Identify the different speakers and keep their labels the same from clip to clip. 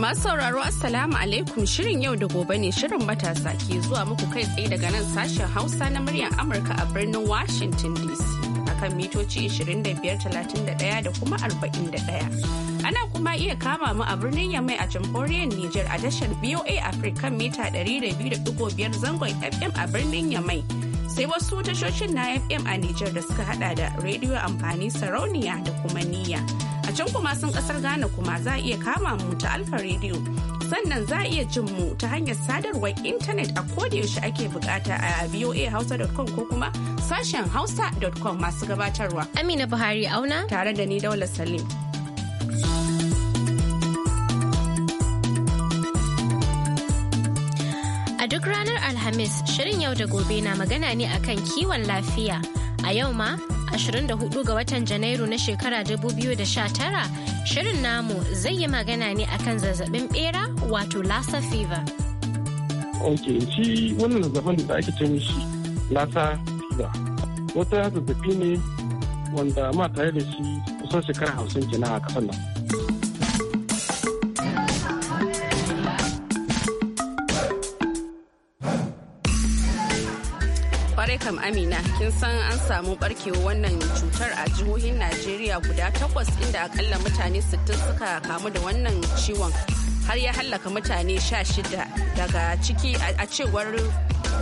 Speaker 1: Masu sauraro Assalamu alaikum shirin yau da gobe ne shirin matasa ke zuwa muku kai tsaye daga nan sashen Hausa na muryar Amurka a birnin Washington DC akan mitoci 2531 da kuma 41. Ana kuma iya kama mu a birnin Yamai a jamhuriyar Nijar a tashar BOA Africa mita 200.5 zangon FM a birnin Yamai. sai wasu tashoshin na FM a Nijar da suka hada da rediyo amfani sarauniya da kuma niyya. A can kuma sun kasar Ghana kuma za a iya kama mu ta Alfa rediyo Sannan za a iya jin mu ta hanyar sadarwar intanet a yaushe ake bukata a voahausa.com ko kuma sashen hausa.com masu gabatarwa.
Speaker 2: Amina Buhari auna. Tare da ni Daula Salim. Alhamis shirin yau da gobe na magana ne akan kiwon lafiya. A yau ma 24 ga watan Janairu na shekara 2019 shirin namu zai yi magana ne akan zazzabin bera wato Lassa fever.
Speaker 3: Ok, shi wannan zazzabin da ake ce mishi Lassa fever. Wata zazzabi ne wanda ma tare da shi kusan shekara hamsin kenan a kasan nan.
Speaker 1: kam Amina kin san an samu barkewa wannan cutar a jihohin Najeriya guda takwas inda akalla mutane 60 suka kamu da wannan ciwon har ya hallaka mutane 16 daga ciki a cewar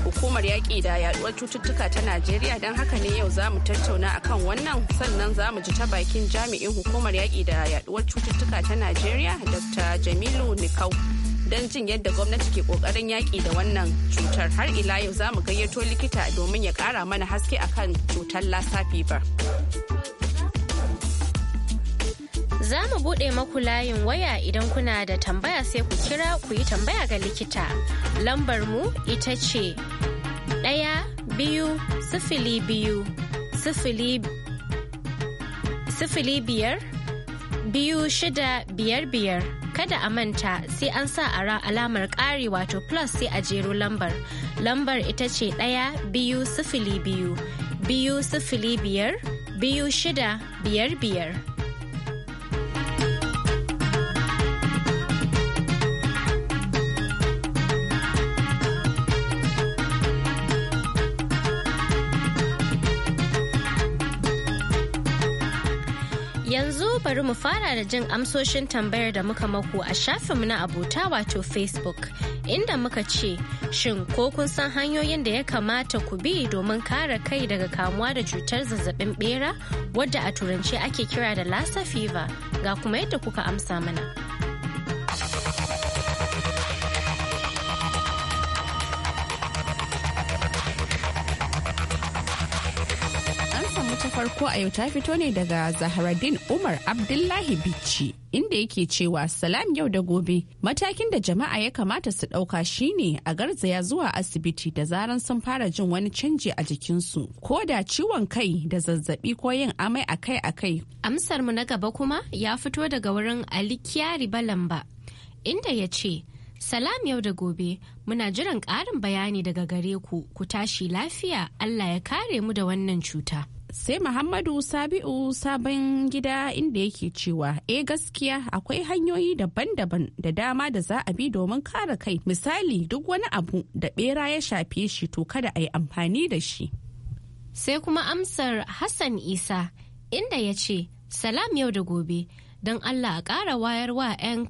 Speaker 1: hukumar yaƙi da yaduwar cututtuka ta najeriya don haka ne yau za mu tattauna akan wannan sannan za mu ji ta bakin jami'in hukumar yaƙi da yaduwar cututtuka ta najeriya dr jamilu nikau don jin yadda gwamnati ke kokarin yaƙi da wannan cutar har ila yau za mu gayyato likita domin ya ƙara mana haske
Speaker 2: akan cutar lassa fever. Za mu buɗe maku layin waya idan kuna da tambaya sai ku kira ku yi tambaya ga likita. Lambar mu ita ce ɗaya biyu sifili biyu sifili biyar biyu shida biyar biyar kada a manta sai an sa a alamar ƙari wato plus sai a jero lambar lambar ita ce ɗaya biyu sifili biyu biyu sifili biyar biyu shida biyar biyar Yanzu bari mu fara da jin amsoshin tambayar da muka maku a shafinmu na abota wato Facebook inda muka ce shin ko kun san hanyoyin da ya kamata ku bi domin kare kai daga kamuwa da cutar zazzabin bera wadda a turance ake kira da lassa fever ga kuma yadda kuka amsa mana.
Speaker 1: farko a yau ta fito ne daga Zaharaddin Umar Abdullahi Bichi inda yake cewa salam yau da gobe matakin da jama'a ya kamata su ɗauka shine a garzaya zuwa asibiti da zaran sun fara jin wani canji a jikinsu ko
Speaker 2: da ciwon kai da zazzabi ko yin amai akai-akai. Amsar mu na gaba kuma ya fito daga wurin Alikiyari Balamba inda ya ce Salam yau da gobe, muna jiran ƙarin bayani daga gare ku, ku tashi lafiya, Allah ya kare mu da wannan cuta.
Speaker 1: sai muhammadu sabi'u sabon gida inda yake cewa e gaskiya akwai hanyoyi daban-daban da dama da za a bi domin kare kai misali
Speaker 2: duk wani abu da bera ya shafe shi to kada a yi amfani da shi sai kuma amsar hassan isa inda ya ce salam yau da gobe don allah a ƙara wayar wa 'yan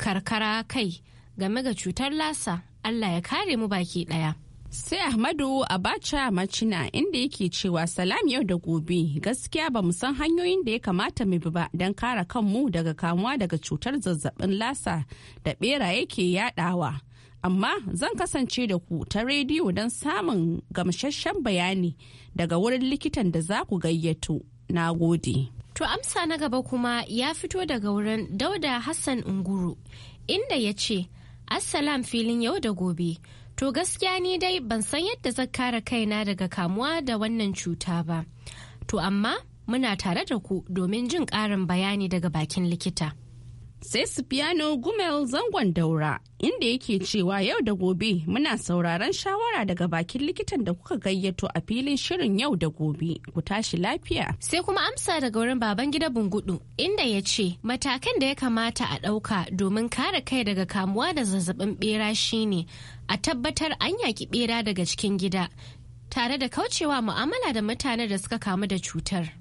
Speaker 2: karkara kai game ga cutar lasa allah ya kare mu baki ɗaya. Sai Ahmadu Abacha Macina inda yake
Speaker 1: cewa salam yau da gobe gaskiya ba mu san hanyoyin da ya kamata mu bi ba don kare kanmu daga kamuwa daga cutar zazzabin lasa da bera yake yadawa. Amma zan kasance da ku ta rediyo don samun gamsasshen bayani daga wurin likitan da za ku gayyato. Na gode.
Speaker 2: To amsa na gaba kuma ya fito daga wurin Dauda Hassan Unguru inda ya ce, Assalam filin yau da gobe. To gaskiya ni dai ban san yadda zan kare kaina daga kamuwa da wannan cuta ba. To amma muna tare da ku domin jin ƙarin bayani daga bakin likita.
Speaker 1: sai su piano Gumel zangon daura inda yake cewa yau da gobe muna sauraron shawara daga bakin likitan da kuka gayyato a filin shirin yau da gobe ku tashi lafiya.
Speaker 2: Sai kuma amsa daga wurin baban gida bungudu inda ya ce matakan da ya kamata a ɗauka domin kare kai daga kamuwa da zazzabin bera shine a tabbatar an yaki bera daga cikin gida tare da kaucewa mu'amala da mutanen da suka kamu da cutar.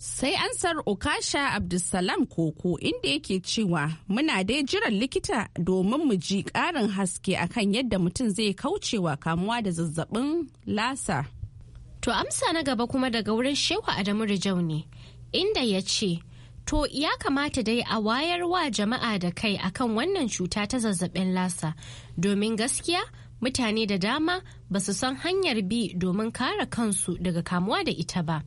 Speaker 2: sai an ansar okasha abdulsalam
Speaker 1: koko inda yake cewa muna dai jiran likita domin mu ji karin haske
Speaker 2: akan yadda mutum zai kaucewa kamuwa da zazzabin lasa to amsa na gaba kuma daga wurin shehu adamu rijau ne inda ya ce to ya kamata dai a wayar wa jama'a da kai akan wannan cuta ta zazzabin lasa domin gaskiya mutane da dama ba su san hanyar bi domin kare kansu daga kamuwa da ita ba.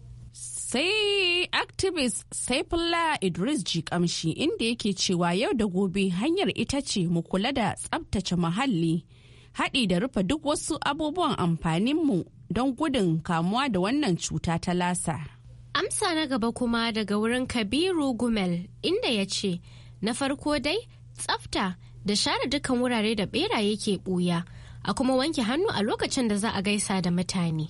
Speaker 1: sai activist saifullah idris jikamshi inda yake cewa yau da gobe hanyar ita ce mu kula da tsabtace muhalli haɗi da rufe duk wasu abubuwan amfaninmu don gudun kamuwa da wannan cuta ta lasa
Speaker 2: amsa na gaba kuma daga wurin kabiru gumel inda ya ce na farko dai tsafta da share dukkan wurare da beraye ke ɓuya a kuma wanke hannu a lokacin da za a gaisa da mutane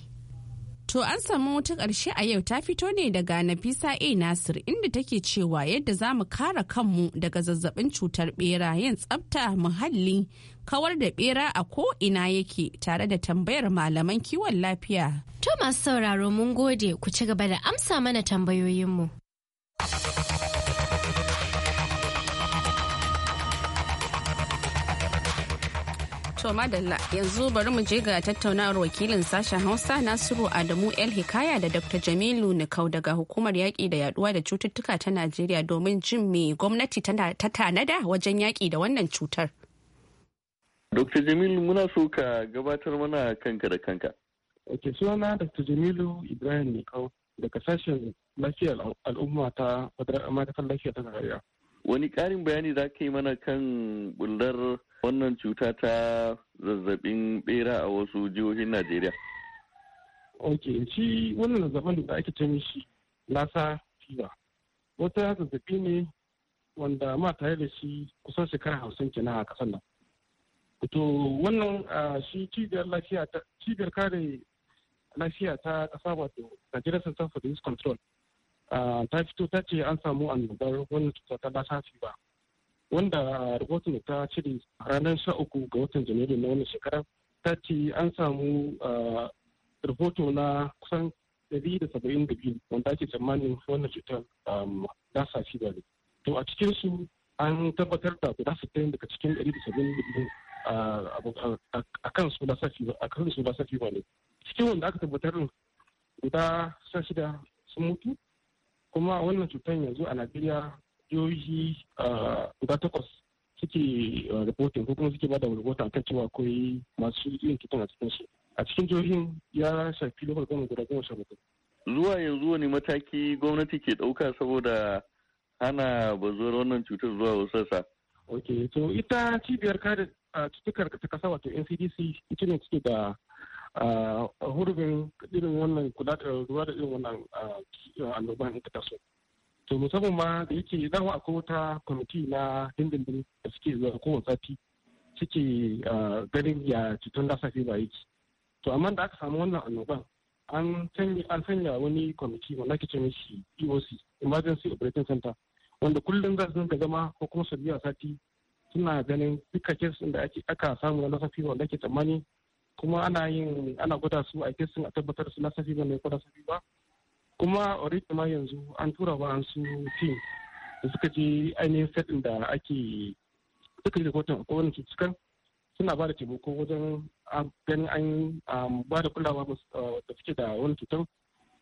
Speaker 1: To an samu wata ƙarshe a yau ta fito ne daga Nafisa A Nasir inda take cewa yadda za mu kare kanmu daga zazzabin cutar bera yin tsabta muhalli kawar da bera a ko ina yake tare da tambayar malaman kiwon lafiya. To masu sauraro
Speaker 2: mun gode ku ci gaba da amsa mana tambayoyinmu.
Speaker 1: To madalla yanzu bari mu je ga tattaunawar wakilin sashen Hausa Nasiru Adamu El Hikaya da Dr. Jamilu Nikau daga hukumar yaƙi da yaduwa da cututtuka ta Najeriya domin jin me gwamnati ta tanada wajen yaƙi da wannan cutar.
Speaker 4: Dr. Jamilu muna so ka gabatar mana kanka da kanka.
Speaker 3: Ake suna Dr. Jamilu Ibrahim Nikau daga sashen lafiyar al'umma ta ma'aikatar lafiya ta Najeriya.
Speaker 4: Wani ƙarin bayani za ka yi mana kan bullar wannan cuta ta zazzabin bera a wasu jihohin najeriya ok shi
Speaker 3: wannan zazzabin da ake ce shi lasa fiwa wata zazzabi ne wanda ma tare da shi kusan shekara hausin kenan a kasar nan to wannan shi cibiyar lafiya ta cibiyar kare lafiya ta kasa wato Nigeria Center for Disease Control ta fito ta ce an samu annobar wannan cuta ta lasa fiwa wanda rahoton ta cire ranar sha uku ga watan janairu na wannan shekara ta ce an samu rahoto na kusan 172 wanda ake tsammanin wannan cutar dasa shi da to a cikin su an tabbatar da guda 60 daga cikin 172 a kan su da biyu a kan su da ba ne cikin wanda aka tabbatar guda 16 sun mutu kuma wannan cutar yanzu a Najeriya jihohi ah, guda takwas suke ah, reporting ko kuma suke bada rahoton kan cewa akwai masu yin kitan a cikin su a cikin jihohin ya shafi lokacin gwamnati guda goma sha bakwai.
Speaker 4: zuwa yanzu wani mataki gwamnati ke ɗauka saboda hana bazuwar wannan cutar zuwa wasu sassa.
Speaker 3: ok to ita cibiyar kare ah, cutukar ta kasa wato ncdc ita ne suke da hurbin irin wannan kudatar da ruwa da irin wannan annoban ita taso. to musamman ma da yake dama akwai wata kwamiti na dindindin da suke zuwa ko sati suke ah, ganin ya cutar lassa fever yake to amma da aka samu wannan annoban an sanya wani kwamiti wanda ake cewa shi eoc emergency operating center wanda kullum za su zama ko kuma su biya sati suna ganin duka kesin da aka samu na lasafi wanda ake tsammani kuma ana yin ana gwada su a kesin a tabbatar su lasafi ba ne ko lasafi ba kuma already ma yanzu an tura ba su team da suka je ainihin setin da ake suka yi rahoton a kowane cutukan suna ba da taimako wajen ganin an um, ba da kulawa uh, da suke da wani cutar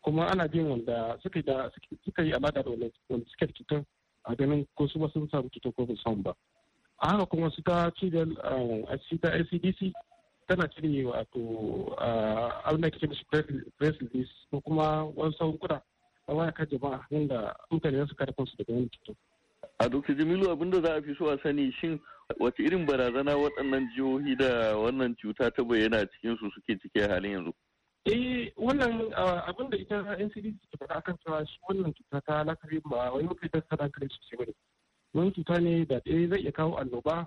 Speaker 3: kuma ana bin wanda suka yi alada da wanda suke da cutar a ganin ko su ba sun samu cutar ko ba samu ba a haka kuma su ta cibiyar um, icdc tana cire wato abin da ke da shi press ko kuma wani sauran kura a waya kan jama'a mutane za su kare kansu daga wani cutar.
Speaker 4: a dr jamilu abinda za a fi so a sani shin wace irin barazana waɗannan jihohi da wannan cuta ta bayyana cikin su suke ciki halin yanzu eh
Speaker 3: wannan abin da ita ncdc ke faɗa akan cewa shi wannan cuta ta lakari ba wani mafi ta sadakar sosai ba ne wani cuta ne da ɗaya zai iya kawo annoba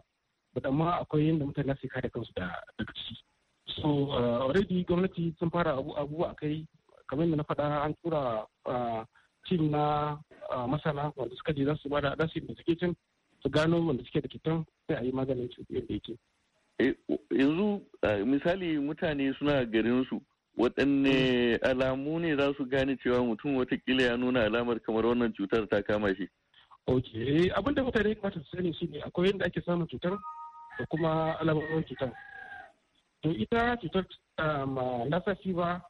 Speaker 3: but amma akwai yadda mutane su kare kansu da daga ciki so uh, already gwamnati sun fara abubuwa a kai kamar yadda na faɗa an tura uh, tim na uh, masana wanda suka je za su bada da suke cin, su gano wanda suke da kitan sai a yi maganin cutar da yake
Speaker 4: eh, yanzu misali mutane suna garin su waɗanne mm. alamu ne za su gane cewa mutum watakila ya nuna alamar kamar wannan cutar ta kama shi.
Speaker 3: Ok, abinda mutane ya kamata su sani shi ne akwai yadda ake samun cutar da kuma alamomin cutar to ita cutar ah, lassa ba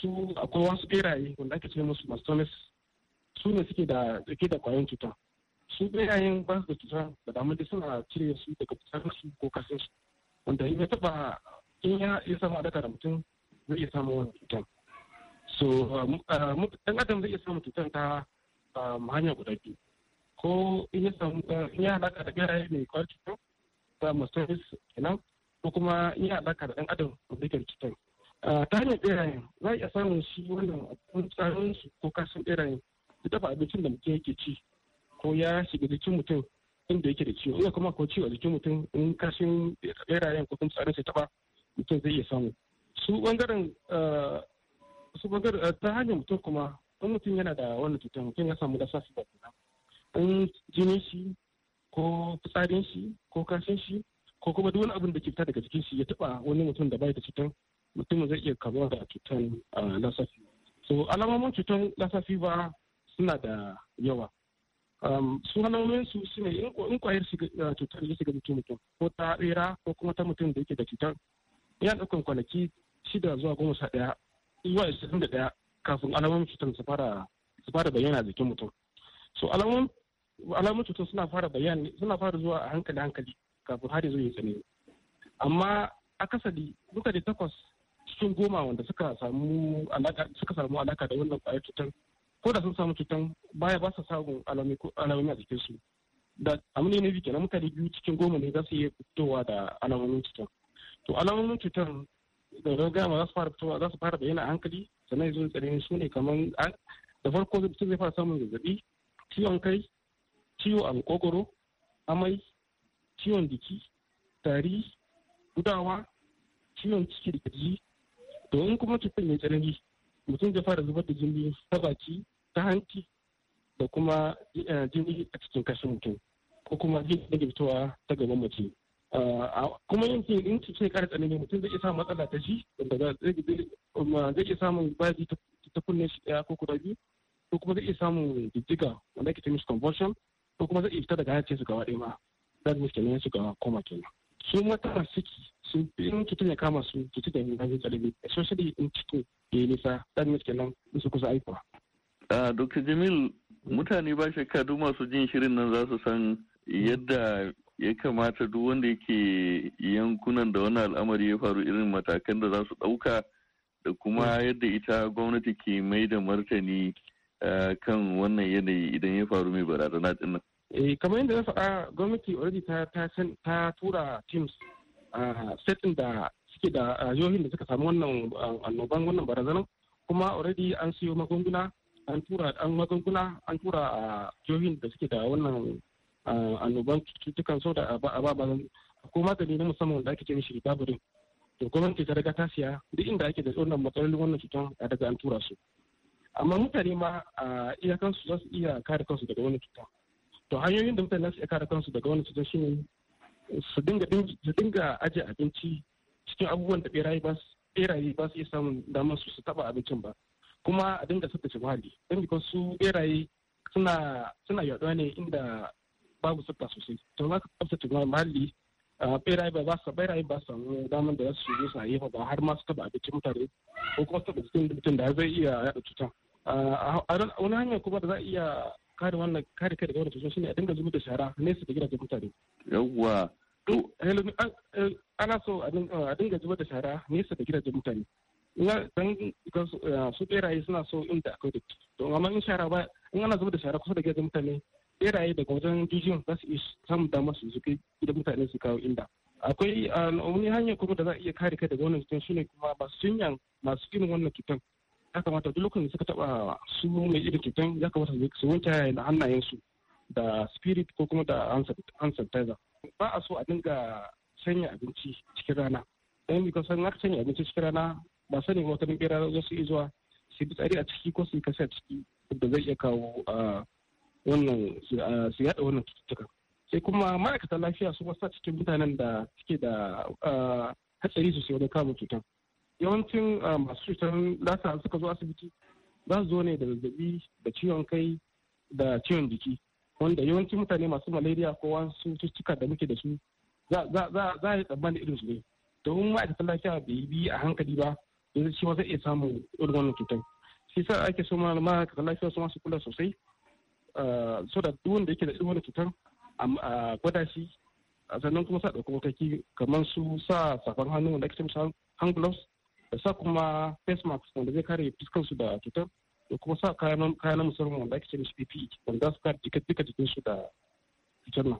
Speaker 3: su akwai wasu beraye wanda ake ce musu mastonis su ne suke da suke da kwayoyin cutar su berayen ba su da cutar da damar da suna cire su daga cutar su ko kasin su wanda in ya taba in ya iya samu adaka da mutum zai iya samun wani cutar so ah, ah, ɗan adam zai iya samun cutar ta hanya guda biyu ko in ya samu in ya alaka da beraye mai kwayar cutar samun service kenan ko kuma in ya alaka da ɗan adam rubutar kitan ta hanyar ɓerayen za a iya samun shi wannan abin tsarin su ko kasan ɓerayen da dafa abincin da mutum yake ci ko ya shiga jikin mutum inda yake da ciwo ina kuma ko ciwo a jikin mutum in kashin ɓerayen ko kuma tsarin sai taɓa mutum zai iya samu su bangaren su bangaren ta hanyar mutum kuma in mutum yana da wannan cutar mutum ya samu da sa su da in jini shi ko fitsarin shi ko kashin shi ko kuma duk wani abin da ke fita daga cikin shi ya taba wani mutum da bai da cutar mutum zai iya kamuwa da cutar ah, lassa so alamomin cutar lassa fever suna da yawa um, su alamomin su shine in kwayar ah, cutar ya shiga mutum mutum ko ta tsira ko kuma ta mutum da yake da cutar ya ɗaukan kwanaki shida zuwa goma sha ɗaya zuwa ashirin da ɗaya kafin alamomin cutar su fara su fara bayyana jikin mutum so alamomin alamun cutar suna fara bayani suna fara zuwa a hankali hankali kafin har yanzu ya tsane amma akasari duka da takwas cikin goma wanda suka samu alaka suka samu alaka da wannan kwayar cutar ko da sun samu cutar baya ba su samun alamomi a jikin su da amini ne kenan mutane biyu cikin goma ne za su iya fitowa da alamomin cutar to alamomin cutar da ma za su fara fitowa za su fara bayyana a hankali sannan yanzu tsanani su ne kamar da farko sun zai fara samun zazzabi ciwon kai ciwo a makogoro amai ciwon jiki tari gudawa ciwon ciki da kirji to in kuma cutar mai tsanani mutum zai fara zubar da jini ta baki ta hanci da kuma eh, jini a cikin kashin mutum ko kuma jini da fitowa ta gaban mace ah, kuma yin in ciki ya kara tsanani mutum zai iya samun matsala ta shi wanda zai iya samun baji ta kunne shi daya ko ko kuma zai iya samun jijjiga wanda ke ta mishi convulsion ko kuma zai fita daga hayacin su gaba ɗaya ma zan musu kenan su ga koma kenan su mata masu ciki sun fi in cutar ya kama su cutar da yanzu kalibi especially in cikin ya yi nisa zan musu kenan su kusa aikuwa.
Speaker 4: Dr. Jamil mutane ba shakka duk masu jin shirin nan za su san yadda ya kamata duk wanda yake yankunan da wani al'amari ya faru irin matakan da za su ɗauka da kuma hmm. yadda ita gwamnati ke mai da martani Eh, kan wannan yanayi idan ya faru mai barazana din nan. Eh
Speaker 3: kamar yadda na faɗa gwamnati already ta ta san ta tura teams a setin da suke da yohin da suka samu wannan annoban wannan barazanan kuma already an siyo magunguna an tura an magunguna an tura a yohin da suke da wannan annoban cututtukan sau da a ba ko magani na musamman da ake ce mishi babu to gwamnati ta riga ta siya duk inda ake da tsoron matsalolin wannan cutar a daga an tura su amma mutane ma a iya kansu za su iya kare kansu daga wani cuta to hanyoyin da mutane za su iya kare kansu daga wani cuta shine su dinga su dinga aje abinci cikin abubuwan da beraye ba su beraye ba su iya samun damar su su taba abincin ba kuma a dinga tsaftace muhalli don because su beraye suna suna yaduwa ne inda babu tsafta sosai to za ka tsaftace muhalli beraye ba ba su beraye ba su samu damar da za su shigo su yi ba har ma su taba abincin mutane ko kuma su taba jikin mutum da zai iya yaɗa cuta wani hanyar kuma da za a iya kare wannan kare kai daga wannan cutar shine a dinga zubar da shara nesa da gidajen mutane yawwa eh, ana so a dinga zubar da shara nesa da gidajen mutane dan su beraye eh, suna so inda akwai da to amma in shara ba in ana zubar da shara kusa da gidajen mutane beraye daga wajen jijiyan za su iya samun damar su zuke gidan mutane su kawo inda akwai wani hanyar kuma da za a iya kare kai daga wannan cutar shine kuma masu jinyan masu irin wannan cutar ya kamata duk lokacin da suka taba su mai irin cutan ya kamata su wanke da hannayensu da spirit ko kuma da hand sanitizer ba a so a dinga sanya abinci cikin rana don bi kasan na sanya abinci cikin rana ba sani wata din bera za su izuwa su bi tsari a ciki ko su yi kasa a ciki da zai iya kawo wannan su yada wannan cututtuka sai kuma ma'aikatan lafiya su wasa cikin mutanen da suke da hatsari su sai wani kama cutar. yawancin ah, masu cutar lasa suka zo asibiti za su zo ne da zazzabi da ciwon kai da ciwon jiki wanda yawancin mutane masu malaria ko wasu cututtuka da muke da su za a yi tsammanin irin su ne domin ma'aikatan lafiya bai bi a hankali ba yanzu cewa zai iya samun irin wannan cutar shi sa ake so ma ma'aikatan lafiya su masu kula sosai ah, so da duk wanda yake da irin wannan cutar a gwada shi sannan kuma sa ɗauki mataki kamar su sa safan hannu da ake cewa hand gloves da sa kuma face mask wanda zai kare su da cutar da kuma sa kayan na musamman wanda ake ce PPE wanda za su kare duka jikinsu da cutar nan.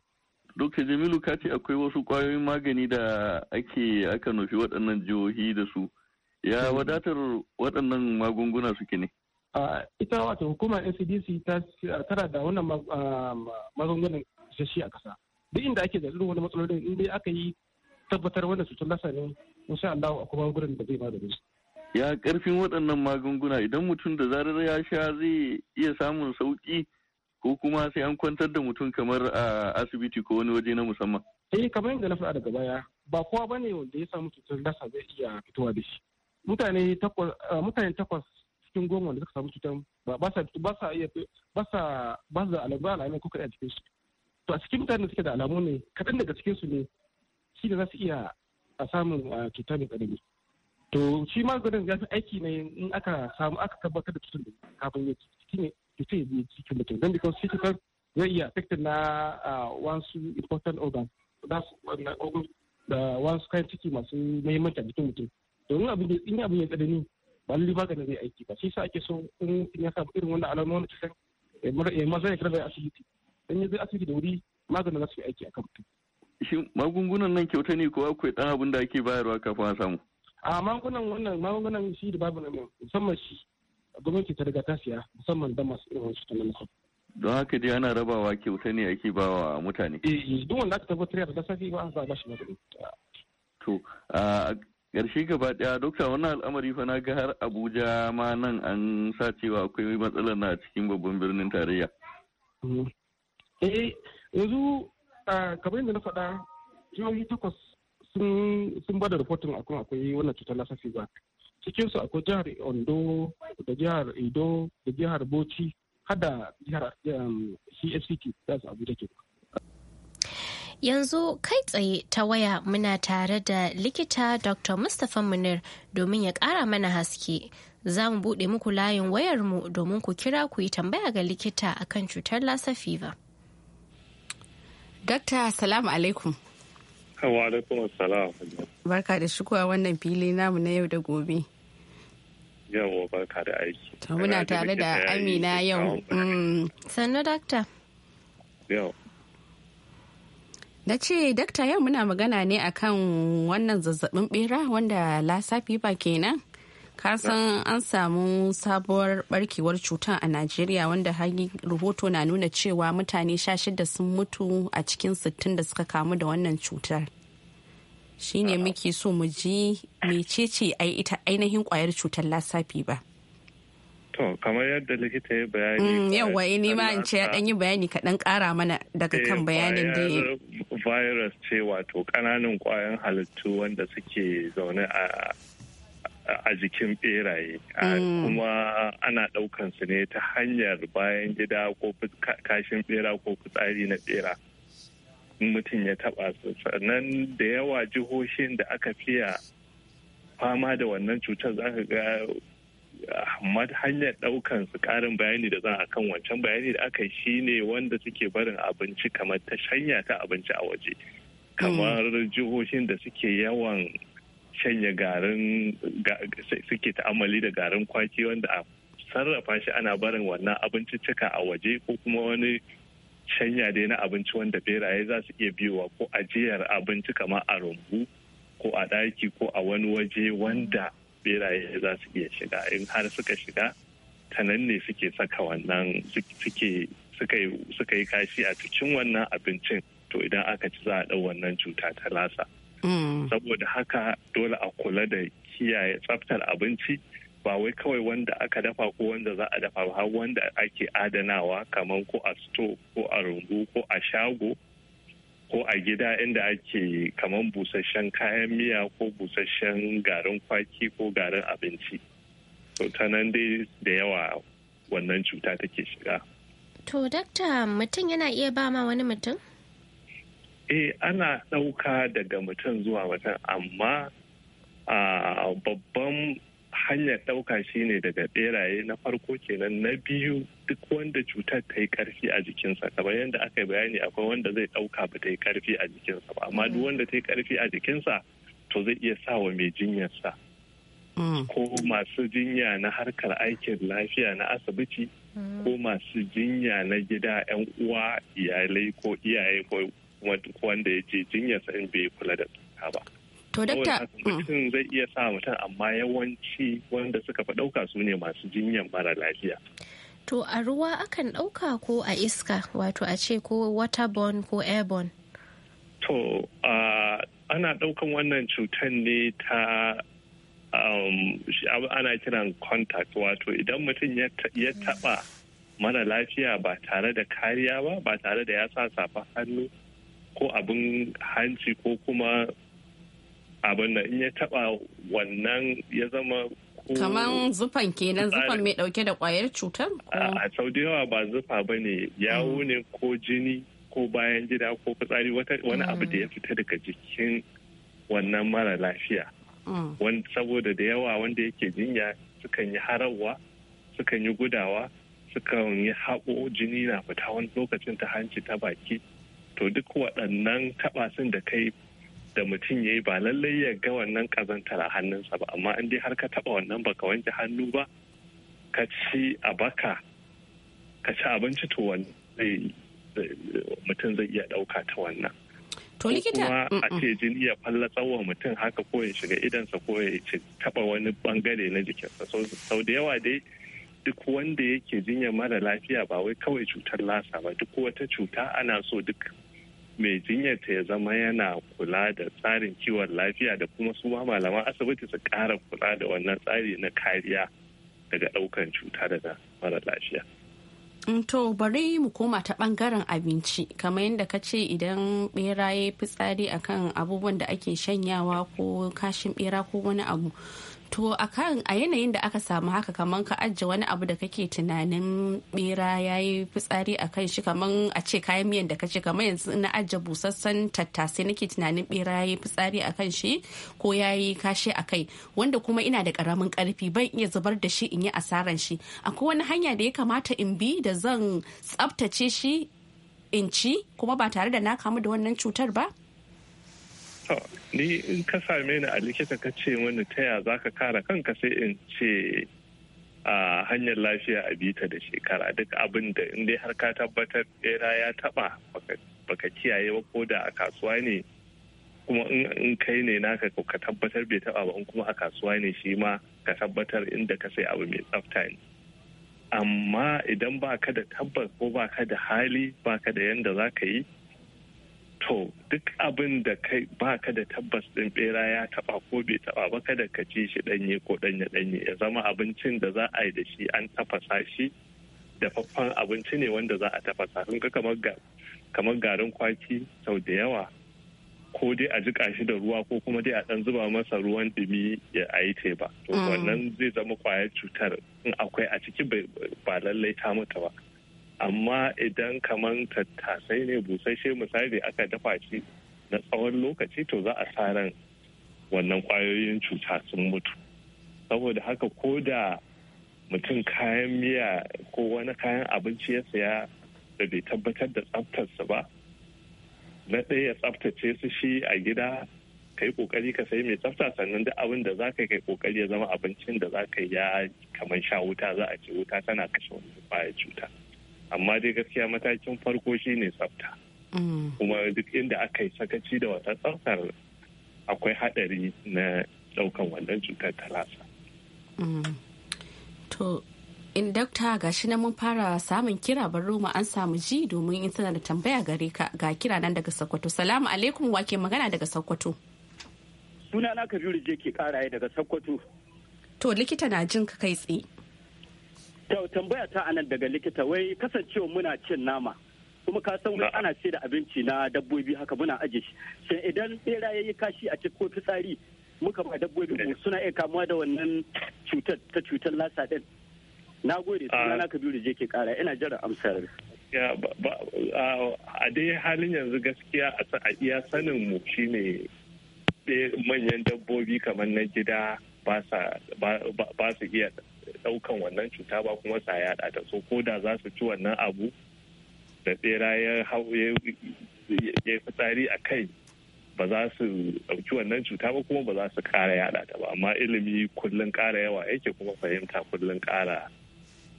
Speaker 4: Dokta Jamilu ka ce akwai wasu kwayoyin magani da ake aka nufi waɗannan jihohi da su. Ya mm-hmm. wadatar waɗannan magunguna suke ne? A
Speaker 3: Ita wato hukumar NCDC ta tara da wannan magungunan shashi a ƙasa. Duk inda ake da irin wani matsaloli, in dai aka yi tabbatar wannan cutar lasa ne insha Allah akwai magungunan da zai ba da su
Speaker 4: ya karfin waɗannan magunguna idan mutum da zarar ya sha zai iya samun sauki ko kuma sai an kwantar da mutum kamar a asibiti ko wani waje na musamman
Speaker 3: eh kamar yadda na faɗa daga baya ba kowa ba ne wanda ya samu cutar lasa zai iya fitowa da shi mutane takwas mutane takwas cikin goma wanda suka samu cutar ba sa ba sa iya ba sa ba sa alamu alamu ko kaɗai a cikin su to a cikin mutane da suke da alamu ne kaɗan daga cikin su ne shi da za su iya a samun cuta mai tsanani to shi maganin ya fi aiki ne in aka samu aka tabbatar da cutar da kafin ya ciki ne cuta ya biyu cikin mutum don da shi cutar zai iya affected na wasu important organs uh, da wasu kayan ciki masu muhimmanci a jikin mutum domin abin da in abin ya tsanani ba lalle maganin zai aiki ba shi sa ake so in ya samu irin wannan alamomin cutar ya maza ya kira zai asibiti dan ya zai asibiti da wuri maganin za su yi aiki a kan mutum
Speaker 4: shi magungunan nan kyauta ne ko akwai ɗan abin da ake bayarwa kafin a samu
Speaker 3: a magungunan wannan magungunan shi da babu nan musamman shi gwamnati ta riga ta siya musamman da masu irin wasu tunanin
Speaker 4: don haka dai ana rabawa kyauta ne ake bawa mutane eh
Speaker 3: duk wanda aka tabbatar da safi ba an sa bashi magani
Speaker 4: to a ƙarshe gaba ɗaya dokta wannan al'amari fa na ga har abuja ma nan an sa cewa akwai matsalar na cikin babban birnin tarayya mm-hmm. eh
Speaker 3: yanzu kamar yadda na faɗa jihohi takwas sun ba da rahoton akwai akwai wannan cutar lassa fever cikin su akwai jihar ondo da jihar edo da jihar bauchi har da jihar um, cfct da su abuja ke
Speaker 2: yanzu kai tsaye ta waya muna tare da likita dr mustapha munir domin ya kara mana haske za mu buɗe muku layin wayarmu domin ku kira ku yi tambaya ga likita akan cutar lassa fever Dokta salamu alaikum.
Speaker 5: Wa alaikum salam.
Speaker 2: Barka da
Speaker 1: shigowa wannan fili namu na yau da gobe.
Speaker 5: Yawo barka da aiki. To muna tare da Amina yau.
Speaker 1: Mm. Sannu dakta. Yau. Na ce dakta yau muna magana ne akan wannan zazzabin bera wanda lasafi ba kenan. kasan an samu sabuwar barkewar cutar a najeriya wanda hanyar rahoto na nuna cewa mutane sha shida sun mutu a cikin sittin da suka kamu da wannan cutar shine muke so mu ji mecece ita ainihin kwayar cutar lasafi ba
Speaker 5: to kamar yadda likita ya bayani mm, yawa eh, ne ma in ce ya yi
Speaker 1: bayani kaɗan ƙara mana daga kan eh, bayanin da
Speaker 5: virus ce wato ƙananan kwayan halittu wanda suke zaune a a jikin beraye mm. kuma ana daukan su ne ta hanyar bayan gida ko kashin bera ko fitsari na bera mutum ya taɓa su sannan da yawa jihohin da aka fiya fama da wannan cutar za ka ga hanyar daukan su ƙarin bayani da za a kan wancan bayani da aka yi ne wanda suke barin abinci kamar ta shanya ta abinci a waje mm. kamar jihohin da suke yawan canya garin suke ta'amali da garin kwaki wanda a sarrafa shi ana barin wannan abinciccika a waje ko kuma wani shanya dai na abinci wanda beraye za su iya biyowa ko ajiyar abinci kamar a rumbu ko a ɗaki ko a wani waje wanda beraye za su iya shiga in har suka shiga ta nan ne suke saka wannan suka yi kashi a cikin wannan abincin to idan aka ci za a ɗau wannan cuta ta lasa saboda haka dole a kula da kiyaye tsaftar abinci ba wai kawai wanda aka dafa ko wanda za a dafa ba wanda ake adanawa kamar ko a sto ko a rungu ko a shago ko a gida inda ake kamar busasshen kayan miya ko busasshen garin kwaki ko garin abinci to ta dai da yawa wannan cuta take shiga
Speaker 2: to dakta mutum yana iya ba ma wani mutum
Speaker 5: eh ana ɗauka daga mutum zuwa mutum amma babban hanyar ɗauka shine daga ɓeraye na farko kenan na biyu duk wanda cutar ta yi ƙarfi a jikinsa kamar yadda aka bayani akwai wanda zai ɗauka ba ta yi ƙarfi a jikinsa ba amma duk mm. wanda ta yi ƙarfi a jikinsa to zai iya sa wa mai jinyarsa mm. ko masu jinya na harkar aikin lafiya na asibiti mm. ko masu jinya na gida 'yan uwa iyalai ko iyaye ko wanda ya je jinyarsa in bai kula da ta ba. To dakta mutum mm. zai iya sa mutum amma yawanci wanda suka fi ɗauka su ne masu jinyar mara lafiya.
Speaker 2: To a ruwa akan ɗauka ko a iska wato a ce ko waterborne ko airborne?
Speaker 5: To ana ɗaukan wannan cutar ne ta um, ana kiran contact wato idan mutum ya taɓa mara lafiya ba tare da kariya ba ba tare da ya sa safa hannu ko abin hanci ko kuma abin da in ya taba wannan ya zama kaman zufan
Speaker 1: kenan zufan mai dauke da kwayar cutar
Speaker 5: a sau da yawa ba zufa ba ne yawo mm. ne ko jini ko bayan gida ko fitsari wani abu da ya mm. fita daga jikin wannan mara lafiya mm. saboda da yawa wanda yake jinya sukan yi harawa sukan yi gudawa sukan yi haƙo jini na fita wani lokacin ta hanci ta baki to duk waɗannan taɓasin da kai da mutum ya yi ba lallai ya ga wannan ƙazantar a hannunsa ba amma in dai har ka taɓa wannan baka wanke hannu ba ka ci a baka ka ci abinci to wani eh, mutum zai iya ɗauka ta wannan To likita kuma a ce jin iya wa mutum haka ko ya shiga idansa ko ya taɓa wani bangare na jikinsa. Sau da yawa dai duk wanda yake jinya mara lafiya ba wai kawai cutar lasa ba duk wata cuta ana so duk mai jinyar ta ya zama yana kula da tsarin kiwon lafiya da kuma su ma malaman asibiti su ƙara kula da wannan tsari na kariya daga ɗaukan cuta daga mara lafiya.
Speaker 1: Mm, to bari mu koma ta bangaren abinci kamar yadda ka ce idan bera ya fitsari akan abubuwan da ake shanyawa ko kashin bera ko wani abu to a kan a yanayin da aka samu haka kamar ka ajiye wani abu da kake tunanin bera ya yi fitsari a kan shi kaman a ce kayan miyan da kace kamar yanzu na ajiye busassan tattasai nake tunanin bera ya yi fitsari a kan shi ko ya yi kashe a kai wanda kuma ina da karamin karfi ban iya zubar da shi in yi asaran shi akwai wani hanya da ya kamata in bi da zan tsabtace shi in ci kuma ba tare da na kamu da wannan cutar ba
Speaker 5: ni in ka same ni a likita ka ce wani taya za ka kare kanka sai in ce a hanyar lafiya a bita da shekara duk abin da in dai har ka tabbatar bera ya taba baka kiyaye ba ko da a kasuwa ne kuma in kai ne naka ka tabbatar bai taba ba in kuma a kasuwa ne shi ma ka tabbatar inda ka sai abu mai tsafta ne amma idan ba ka da tabbas ko ba ka da hali ba ka da yanda za ka yi to duk abin da kai baka da tabbas din bera ya taba ko bai taba ba kada ka ci shi danye ko danye danye ya zama abincin da za a yi da shi an tafasa shi dafaffen abinci ne wanda za a tafasa sun ka kamar garin kwaki sau da yawa ko dai a jika shi da ruwa ko kuma dai a dan zuba masa ruwan dumi ya ayi te ba to mm. wannan zai zama kwayar cutar in akwai a ciki ba lallai ta mutu ba amma idan kaman tattasai ne busasshe misali aka dafa shi na tsawon lokaci to za a sa ran wannan kwayoyin cuta sun mutu saboda haka ko da mutum kayan miya ko wani kayan abinci ya saya da bai tabbatar da tsaftarsa ba na ɗaya ya tsaftace su shi a gida ka yi kokari ka sai mai tsafta sannan duk abin da zaka kai kokari ya zama abincin da za ka yi ya kamar sha wuta za a ce wuta tana kashe wani kwayar cuta. amma dai gaskiya matakin farko shi ne tsafta mm. kuma duk inda aka yi sakaci da wata tsaftar akwai haɗari na ɗaukan wannan cutar ta lasa.
Speaker 1: Mm. To, in dokta ga shi mun fara samun kira bar roma an samu ji domin in tana da tambaya gare ka ga kira nan daga Sokoto. Salamu alaikum wake magana daga Sokoto.
Speaker 3: Suna na Kabiru je ke karaye daga Sokoto.
Speaker 1: To likita na jin ka kai
Speaker 3: tsaye. tambaya ta anan daga likita wai kasancewa muna cin nama kuma ka san wani ana ce da abinci na dabbobi haka muna ajiye shi sai idan bera yayi kashi a cikin ko fitsari muka ba dabbobi mu suna iya kamuwa da wannan cutar ta cutar lasa din na gode ah. sunana kabiru je ke kara ina jira amsar
Speaker 5: a dai halin yanzu gaskiya a iya sanin mu shine manyan dabbobi kamar na gida ba su iya daukan wannan cuta ba kuma sa yada ta so ko da za su ci wannan abu da tsera ya ya fitsari a kai ba za su ɗauki wannan cuta ba kuma ba za su ƙara yada ta ba amma ilimi kullum kara yawa yake kuma fahimta kullum kara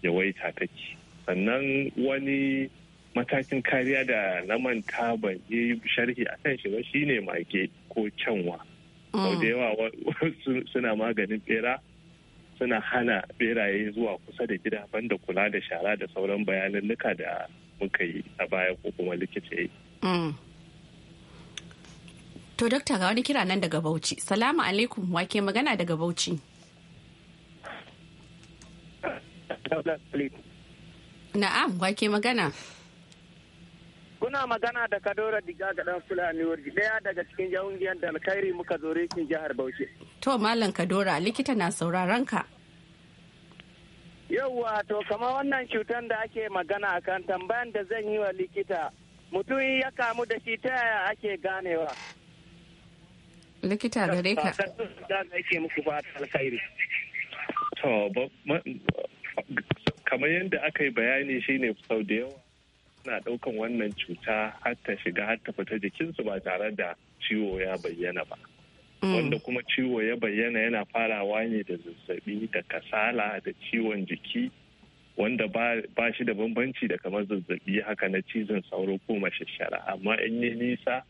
Speaker 5: yawaita take sannan wani matakin kariya da na manta ban yi sharhi a kan shi ba shine mage ko canwa sau da mm. yawa suna maganin bera suna hana beraye zuwa kusa da gida banda kula da shara da sauran bayanannuka da muka yi a baya ko kuma likita yi.
Speaker 1: Mm. To, Dokta ga wani kira nan daga Bauchi. Salamu alaikum wake magana daga Bauchi. Na'am wake magana.
Speaker 3: kuna magana da kadora diga ga dan fulani wurgi daya daga cikin jahungiyar da alkhairi muka zo reshin jihar bauchi
Speaker 1: to malam kadora likita na sauraron ka
Speaker 3: yauwa to kama wannan cutar da ake magana akan tambayan da zan yi wa likita mutum ya kamu da shi ta yaya ake ganewa
Speaker 1: likita gare ka
Speaker 5: kamar yadda aka yi bayani shine sau da yawa suna ɗaukan wannan cuta har ta shiga har ta fita jikinsu ba tare da ciwo ya bayyana ba. Mm. Wanda kuma ciwo ya bayyana yana farawa ne da zazzabi da kasala da ciwon jiki wanda ba shi da bambanci da kamar zazzabi haka na cizon sauro ko mashashara amma in yi nisa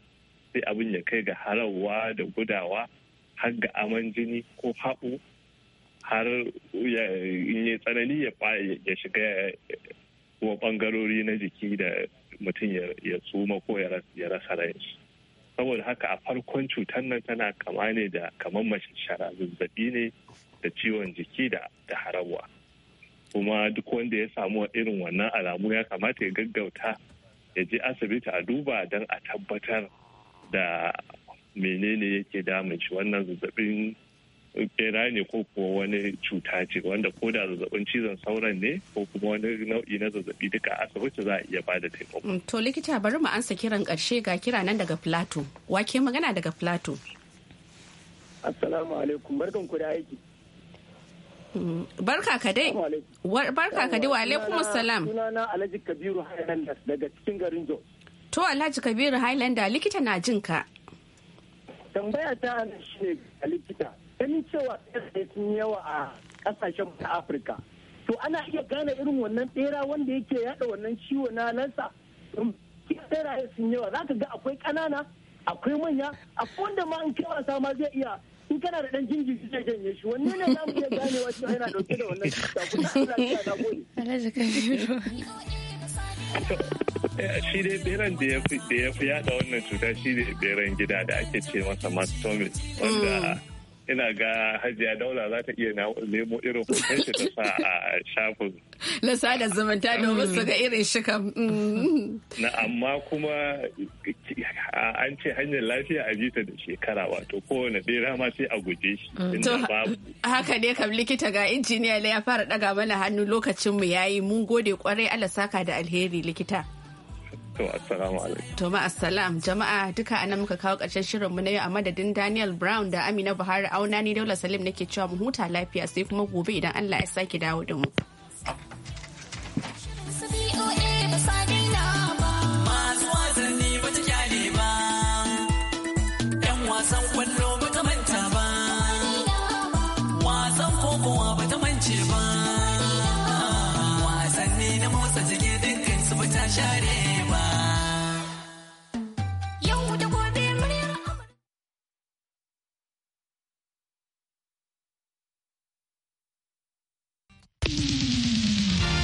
Speaker 5: sai abin ya kai ga harawa da gudawa har ga aman jini ko haɓu har in yi tsanani ya shiga kuma bangarori na jiki da mutum ya tsuma ko ya rasa rai saboda haka a farkon cutar nan tana kama ne da kamar mace shara zazzabi ne da ciwon jiki da harawa kuma duk wanda ya samu irin wannan alamu ya kamata ya gaggauta ya je asibiti a duba don a tabbatar da menene yake damun shi wannan zazzabin bera ne ko kuma wani cuta ce wanda ko da zazzabin cizon sauran ne ko kuma wani nau'i na zazzabi duka asibiti za a iya ba da taimako.
Speaker 1: Mm, to likita bari mu ansa kiran karshe ga kira nan daga Plato. Wake magana daga Plato.
Speaker 3: Assalamu alaikum barkan ku da aiki. Mm, barka ka dai. Barka ka dai wa alaikum assalam. Sunana Alhaji Kabiru Highlanders daga cikin garin Jos.
Speaker 1: To Alhaji Kabiru Highlander likita na jin ka.
Speaker 3: Tambaya ta shi ne a likita. ganin cewa tsere sun yawa a kasashen ta afirka to ana iya gane irin wannan tsera wanda yake yada wannan ciwo na lansa tseraye sun yawa za ka ga akwai ƙanana akwai manya akwai wanda ma in kewa sama zai iya in kana da dan jinjiri zai janye shi wanne ne za mu iya gane cewa yana dauke da wannan cuta
Speaker 5: eh, shi dai beran da ya fi yada wannan cuta shi dai beran gida da ake ce masa mastomis wanda mm. ina ga hajiya daula za ta iya nemo irin hoton shi ta sa a shafin
Speaker 1: na sada zumunta domin su daga irin shika mm.
Speaker 5: na amma kuma an ce hanyar lafiya a jita da shekara wato kowane bera ma sai a guje shi mm. to
Speaker 1: haka ne kam likita ga injiniya ya fara daga mana hannu lokacin mu yayi mun gode kwarai Allah saka da alheri likita
Speaker 5: To assalamu alaikum.
Speaker 1: To assalam jama'a duka anan muka kawo ƙarshen shirin mu na yau a madadin Daniel Brown da Amina Buhari auna ni Daula Salim nake cewa mu huta lafiya sai kuma gobe idan Allah ya sake dawo da mu.